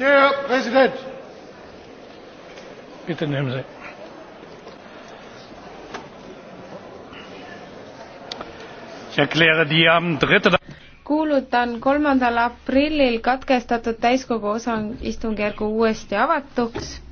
herr präsident! kuulutan 3 aprillil katkestatud täiskogu istungjärgu uuesti avatuks.